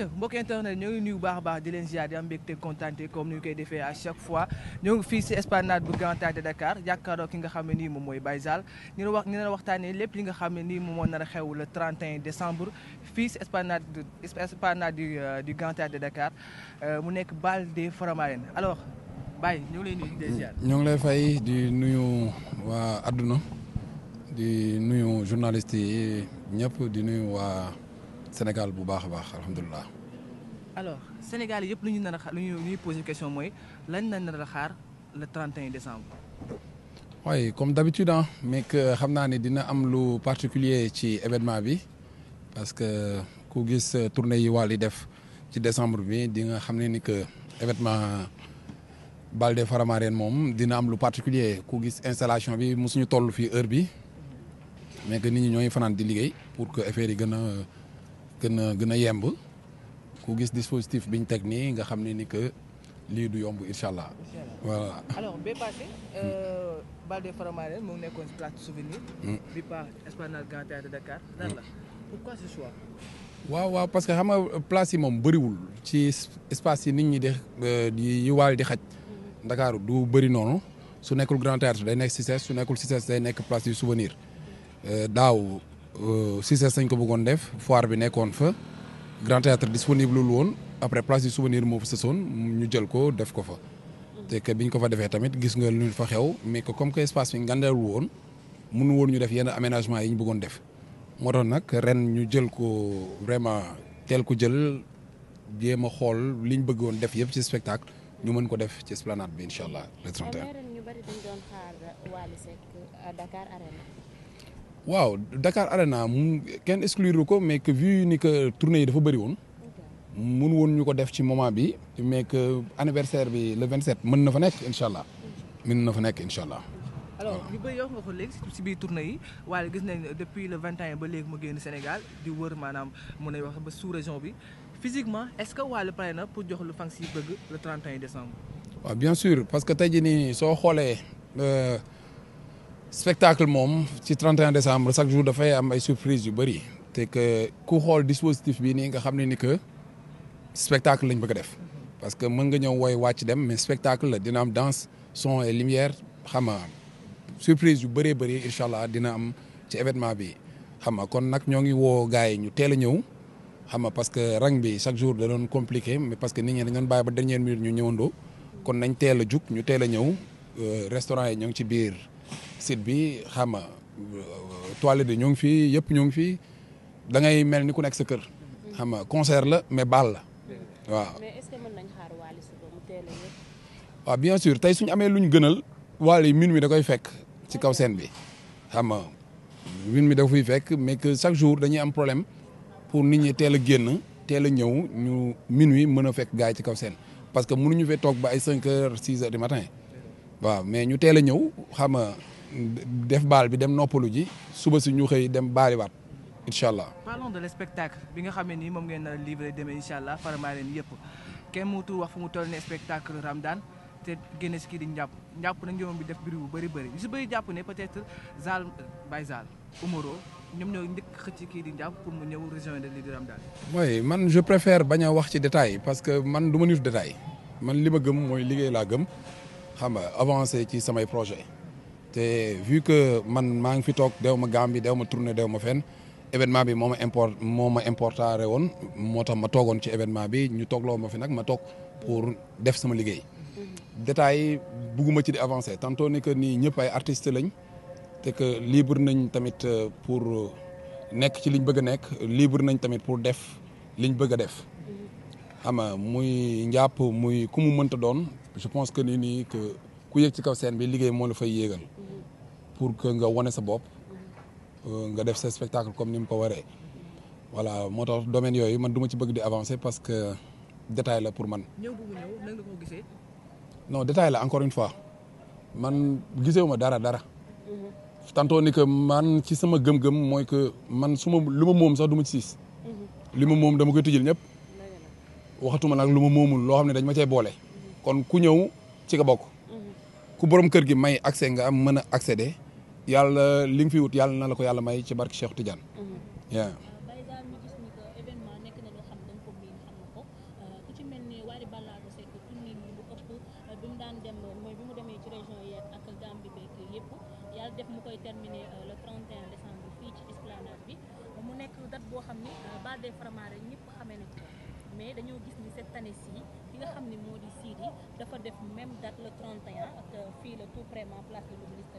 acca mbokk internet ñoo ngi baax a baax di leen ziar di am mbégte contenté comme ni ñu koy defee à chaque ñoo ngi fii si esplanade bu Grand Théâtre de Dakar xam ne nii moom mooy Baye wax ñu leen waxtaanee lépp li nga xam ne nii moom moo nar a xew le 31 décembre fii si esplanade esplanade du euh, du Grand Théâtre de euh, mu nekk bal des Faramareen alors Baye ñoo ngi nuyu ñoo ngi lay fay di nuyu waa adduna di nuyu journaliste yi ñëpp di nuyu waa. Sénégal bu baax a baax alhamdulilah. alors Sénégal yëpp lu ñu nar a xaar lu ñuy posé question mooy lan la nar a xaar le 31 décembre. waaye comme d'habitude ah mais que xam naa ne dina am lu particulier ci événement bi parce que ku gis euh, tournée yi Wally def ci décembre bi di nga xam ne ni que événement Balde Faramareen moom dina am lu particulier ku gis installation bi mosuñu toll fii heure bi mais que nit ñi ñooy fanaan di liggéey pour que affaire yi gën a. Euh, gën a gën a yemb ku gis dispositif bi ñu teg nii nga xam ne ni que lii du yomb incha allah. voilà alors euh, nekkoon ci place mm. mm. waaw waaw parce que xam nga yi moom bëriwul ci espace yi nit ñi di euh, yi waal di xaj. Mm. Dakar du bëri noonu su nekkul Grand Théâtre day nekk Cissesse su nekkul si Cissesse day nekk place du souvenir euh, daaw. Euh, Cissesse sañ ko bëggoon def foire bi nekkoon fa grand théâtre disponible lul woon après place du souvenir moo fa ñu jël ko def ko fa. te que biñ ko fa defee tamit gis nga lu fa xew mais ko comme que espace bi ngandeel woon mënu woon ñu def yenn aménagement yi ñu bëggoon def moo tax nag ren ñu jël ko vraiment teel ko jël jéem a xool li ñu bëggoon def yëpp ci spectacle ñu mën ko def ci esplanade bi incha allah le 31. ñu waaw Dakar Arena mu kenn exclure ko mais que vu ni que tournée yi dafa bëri woon mun woon ñu ko def ci moment bi mais que anniversaire bi le set mën na fa nekk incha allah mën na fa nekk incha allah. alors ñu bëri wax nga ko léegi si biir tournée yi waaye gis nañ depuis le vingt 21 ba léegi mu génn Sénégal di wër maanaam mun nañ wax ba sous région bi physiquement est-ce que Wally pare na pour jox lu fans yi bëgg le 31 décembre. waaw bien sûr parce que tey jii nii soo xoolee. Euh, spectacle moom ci 31 décembre chaque jour dafay am ay surprise yu bëri te que ku xool dispositif bii nii nga xam ne ni que spectacle lañ bëgg a def parce que mën nga ñëw woy wàcc dem mais spectacle la dina am danse son et xam nga surprise yu bëree bëri incha allah dina am ci événement bi xam nga kon nag ñoo ngi woo gars yi ñu teel a ñëw xam nga parce que rang bi chaque jour da doon compliqué mais parce que nit ñi dañ doon bàyyi ba ñeen minute ñu ñëwandoo kon nañ teel a jug ñu teel a ñëw euh, restaurant yi ñoo ngi ci biir. site bi xam nga euh, toilette yi ñu ngi fii yëpp ñu ngi fii da mel ni ku nekk sa kër. xam nga concert la mais baal la waaw. a yëg. bien sûr tey suñu amee lu ñu gënal Wally min mi da koy fekk ci kaw scène bi xam nga min mi da koy fekk mais que chaque jour dañuy am problème pour nit ñi teel a génn teel a ñëw ñu min wi mën a fekk gars ci kaw scène parce que mënuñu fee toog ba ay cinq heures 6 heures du matin waaw mais ñu teel ñëw xam def baal bi dem noppalu ji suba si ñu xëy dem baaliwaat incha allah. parlons de le spectacle bi nga xamee ni moom ngeen nar a livré demee incha allah faramaareen yëpp kenn muutu wax fu mu toll ne spectacle Ramadan te génne si kii di njàpp njàpp nag ñoom bi def biir bu bëri bëri ñu si bëri jàpp ne peut-être Zal Baye Zal Omaro ñoom ñoo njëkk xëcc kii di njàpp pour mu ñëw rejoindre lii di Ramadan. man je préfère bañ a wax ci détail parce que man du ma nit détail man li ma gëm mooy liggéey laa gëm xam nga avancé ci samay projet te vu que man maa ngi fi toog dew ma bi dew ma tournée dew ma fen événement bi moo ma import moo ma importare woon moo tax ma toogoon ci événement bi ñu toogloo ma fi nag ma toog pour def sama liggéey détails yi bugguma ci di avancer tantôt ni que nii ñëpp ay artiste lañ te que libre nañ tamit euh, pour euh, nekk ci liñ bëgg a nekk libre nañ tamit pour def liñ bëgg a def ama muy njàpp muy ku mu mënta doon je pense que ni nii ku yëg ci kaw scène bi liggéey moo la fay yéegal pour que nga wane sa bopp euh, nga def sa spectacle comme ni mu ko waree voilà moo tax domaine yooyu man duma ci bëgg di avancer parce que détail la pour man. ñëw bu la encore une fois man gisewu ma dara dara. tantôt ni que man ci sama gëm-gëm mooy que man suma ma moom sax duma ci siis. li ma moom dama koy tijjel ñëpp. waxatuma nag lu ma moomul loo xam ne dañ ma cay boole. kon ku ñëw ci nga bokk. Mhm. ku borom kër gi may accès nga am mën a accéder. yàlla li nga fi wut yàlla na la ko yàlla may ci barke Cheikh Tidiane. Mm-hmm. Uh, uh, waaw. Uh, def mu koy terminer le 31 décembre fii ci esplanade bi mu nekk date boo xam ni Bal des Faramaré ñëpp xamee mais dañoo gis ni cette année ci nga xam ni moo di Sidy dafa def même date le 31 ak fii la tout vraiment place de l'Obélisque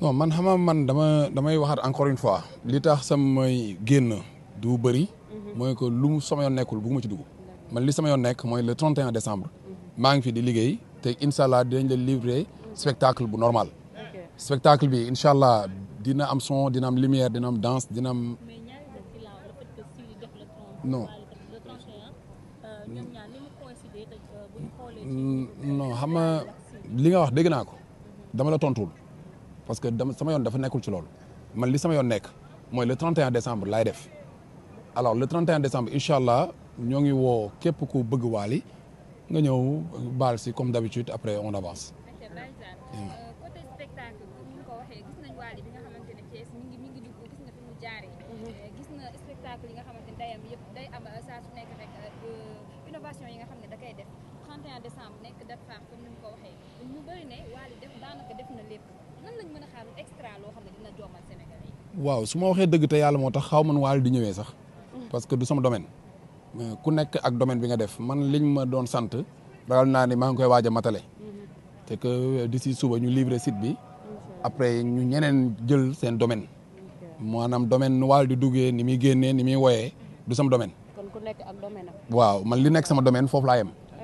boo man xam man dama damay waxaat encore une fois li tax samay génn du bëri mhm. mooy que lu mu sama yoon nekkul bugguma ci dugg man li sama yoon nekk mooy le 31 décembre mhm. maa ngi fi di liggéey te incha allah dinañ la livrer mhm. spectacle bu normal spectacle bi incha dina am son dina am lumière dina am danse dina am non euh, mm. euh, mm, non xam nga li nga wax dégg naa ko mm-hmm. dama la tontuwul parce que dama sama yoon dafa nekkul ci loolu man li sama yoon nekk mooy le 31 décembre laay def alors le 31 décembre incha allah ñoo ngi woo képp ku bëgg waali nga ñëw baal si comme d'habitude après on avance waaw su ma waxee dëgg te yàlla moo tax xaw ma nu Wally di ñëwee sax. parce que du sama domaine. Euh, ku nekk ak domaine bi nga def man liñ ma doon sant ragal naa ni maa ngi koy waaj a matale. Mhm. te euh, di si suba ñu livrer sit bi. Mhm. après ñu ñeneen jël seen domaine. maanaam domaine nu Wally di duggee ni muy génnee ni muy woyee du sama domaine. waaw man li nekk sama domaine foofu laa yem.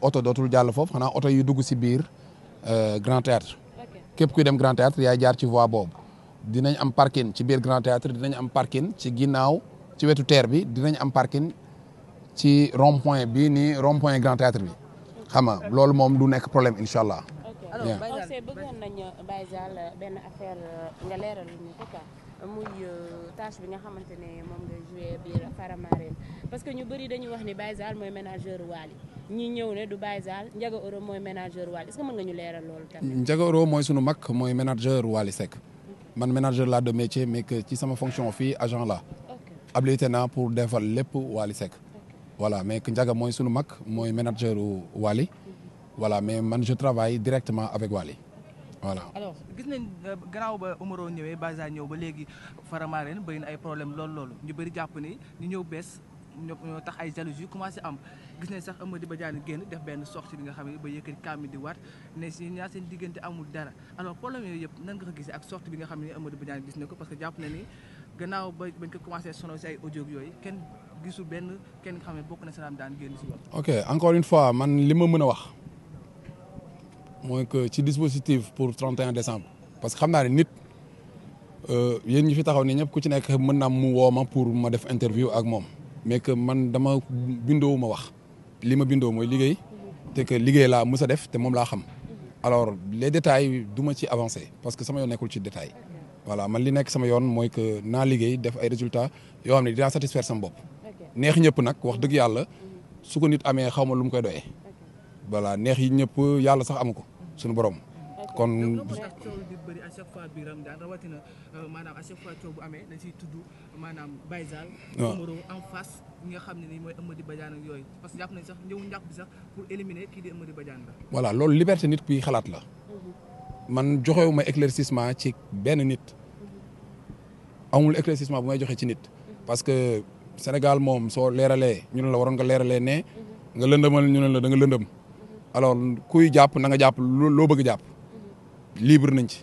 oto dootul jàll foofu xanaa oto yi dugg si biir euh, Grand Théâtre képp kuy dem Grand Théâtre yaay jaar ci voie boobu dinañ am parking ci biir Grand Théâtre dinañ am parking ci ginnaaw ci wetu terre bi dinañ am parking ci rond point bi nii rond point Grand Théâtre bi xam nga loolu moom du nekk problème incha allah. Euh, euh, parce que ñu bëri dañu wax ni Baye Zall mooy ménageur Wally ñi ñëw ne du Baye Zal Euro mooy manager Wally mooy sunu mag mooy manager Wally Seck man manager la de métier mais que ci sama fonction fii agent la habilité naa pour defal lépp Wally Seck voilà mais que Ndiaga mooy sunu mag mooy manager Wally mhm. voilà mais man je travaille directement avec Wally gis nañ euh, gannaaw ba Omaro ñëwee Baza ñëw ba léegi Faramareen bëri na ay problème loolu loolu ñu jàpp ni ñëw bees tax ay jalousie commencé am gis nañ sax Amady Badiane génn def benn sortie bi nga xam ne ba yëkkati kàmm di waat ne si ñaar seen diggante amul dara alors problème yooyu yëpp nan ko gisee ak bi nga xam ne Amady Badiane gis na ko parce que jàpp ni ba bañ ko commencé sonal si ay audio yooyu kenn gisul benn kenn xam ne bokk na salaam daan génn si loolu. ok encore une fois man li ma mën a wax mooy que ci dispositif pour 31 décembre parce que xam naa ne nit. Euh, yéen ñi fi taxaw nii ñëpp ku ci nekk mën naa mu wooma pour ma def interview ak moom mais que man dama bindoowu ma wax li ma bindoo mooy liggéey te que liggéey laa mës def te moom laa xam alors les détails du ci avancé parce que sama yoon nekkul ci détail voilà man li nekk sama yoon mooy que naa liggéey def ay résultats yoo xam ne dinaa satisfaire sama bopp neex ñëpp nag wax dëgg yàlla su ko nit amee xaw ma lu mu koy doyee voilà neex yi ñëpp yàlla sax amu ko suñu borom kon euh, ci parce que sax sax la voilà loolu liberté nit kuy xalaat la mhm. man joxewuma éclaircissement ci benn nit mhm. amul éclaircissement bu may joxe ci nit mhm. parce que Sénégal moom soo leeralee ñu la waroon nga leeralee ne nga lëndëmal ñu ne la da nga lëndëm alors kuy jàpp nanga nga jàpp loo bëgg jàpp libre nañ ci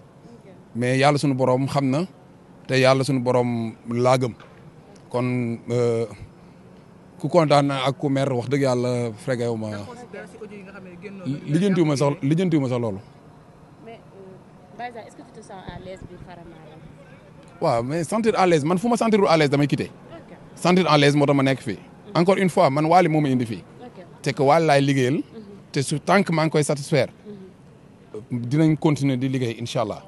mais yàlla suñu boroom xam na te yàlla suñu borom laa kon euh, ku kontaan ak ku mer wax dëgg yàlla fregew ma lijjantiwuma sax lijjantiwuma sax loolu. mais euh, Baye est-ce que tu te waaw mais sentir à l'aise man fu ma sentirul à l'aise damay quitter. sentir à l'aise moo tax ma nekk fii. encore une fois man Wally moo ma indi fii. te que Wally laay liggéeyal. Mhm. te su tant que maa ngi koy satisfaire. dinañ continuer di liggéey incha allah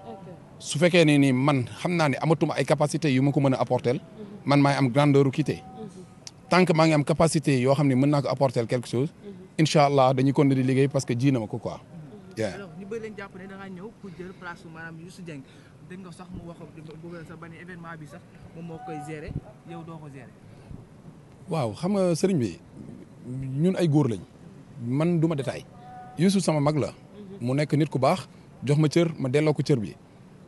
su fekkee ne nii man xam naa ne amatuma ay capacité yu ma ko mën a apporter man maay am grandeur quitté tant que maa ngi am capacité yoo xam ne mën naa ko apporter quelque chose incha allah dañuy continuer di liggéey parce que ji na ma ko quoi. alors ñu bëri nga sax mu bi sax moom koy gérer waaw xam nga sëriñ bi ñun ay góor lañ man duma ma détail Youssou sama mag la. mu nekk nit ku baax jox ma cër ma delloo ko cër bi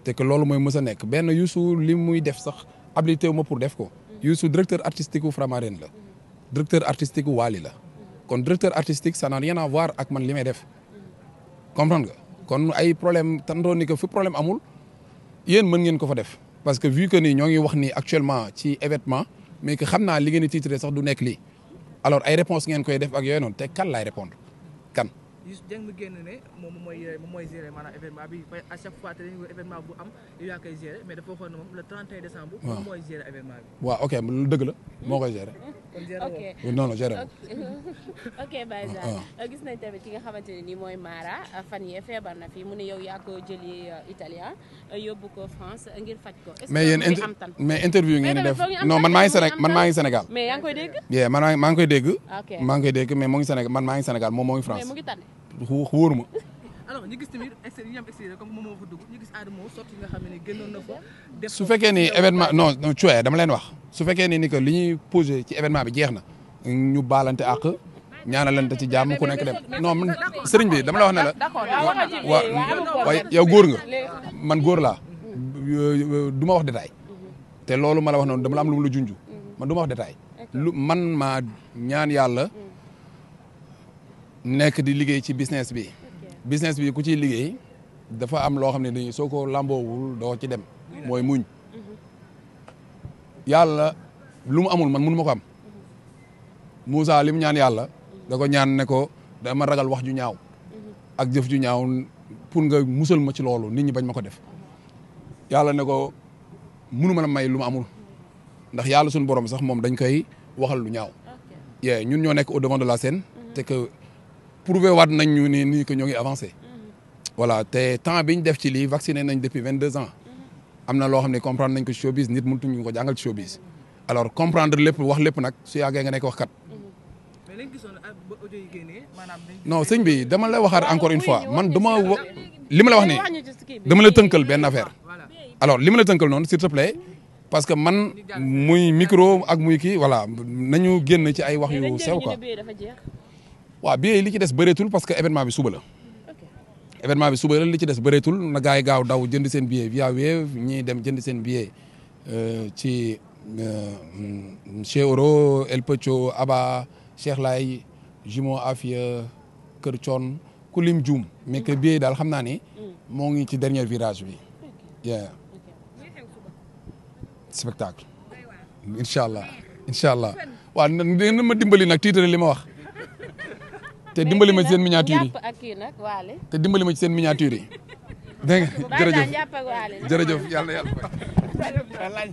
te que loolu mooy mës a nekk benn Youssou li muy def sax habilité wu pour def ko Youssou directeur artistique wu Framarine la directeur artistique wu Wali la kon directeur artistique ça n'a rien à voir ak man li may def comprendre nga kon ay problème tantôt ni que fu problème amul yéen mën ngeen ko fa def parce que vu que ñoo ngi wax ni actuellement ci événement mais que xam naa li ngeen di titré sax du nekk lii alors ay réponse ngeen koy def ak yooyu noonu te kan laay répondre Youssou Dieng mu génn moom mooy moom mooy gérer maanaam événement chaque fois te dañuy am yow yaa koy gérer mais moom mooy dëgg la moo koy gérer. ok non non gérer ok Baye ah, ah. euh, ah, France ngir faj ngeen def non man maa ngi Sénégal man maa ngi Sénégal. mais maa ngi dégg. maa ngi koy dégg mais moo ngi man maa ngi Sénégal moom moo France. wóoru ma. alors su fekkee ni événement non non cuwee dama leen wax su fekkee ni ni que lu ñuy posé ci événement bi jeex na ñu baalante àq ñaanalante ci jàmm ku nekk dem non man sëriñ bi dama la wax ne la waaw waaye yow góor nga man góor la du ma wax détail te loolu ma la wax noonu dama la am lu mu la junj man ma wax détail man maa ñaan yàlla nekk di liggéey ci business bi business bi ku ciy liggéey dafa am loo xam ne dañuy soo ko làmboowul doo ci dem mooy muñ yàlla lu mu amul man mënu ma ko am Moussa li mu ñaan yàlla da ko ñaan ne ko dama ragal wax ju ñaaw ak jëf ju ñaaw pour nga musal ma ci loolu nit ñi bañ ma ko def yàlla ne ko mënu ma la may lu mu amul ndax yàlla suñu borom sax moom dañ koy waxal lu ñaaw yee ñun ñoo nekk au devant de la scène mm-hmm. prouvé waat nañ ñu ne nii que ñoo ngi avancé voilà te temps bi ñu def ci lii vacciné nañ depuis vingt deux ans am na loo xam ne comprendre nañ ko ci showbiz nit mënatuñu ko jàngal ci showbiz alors comprendre lépp wax lépp nag su yàggee nga nekk waxkat. non sëñ bi dama la waxaar encore une fois man dama wa li ma la wax ni dama la tënkal benn affaire alors li ma la tënkal noon si te plaît parce que man muy micro ak muy kii voilà nañu génn ci ay wax yu sew quoi. waaw bii li ci des bëreetul parce que événement bi suba la. événement bi suba la li ci des bëreetul na gars yi gaaw daw jënd seen billet via Wave ñii dem jënd seen billet euh, ci euh, Chez El Pacho Aba Cheikh Lay Jumon Afia Kër Thion ku lim juum mais que billet yi daal xam naa ne moo ngi ci dernier virage bi. yeah spectacle. incha allah incha allah waaw na ma dimbali nag tiitale li ma wax. te dimbali ma ci seen miniature yi te ci seen miniature yàlla yàlla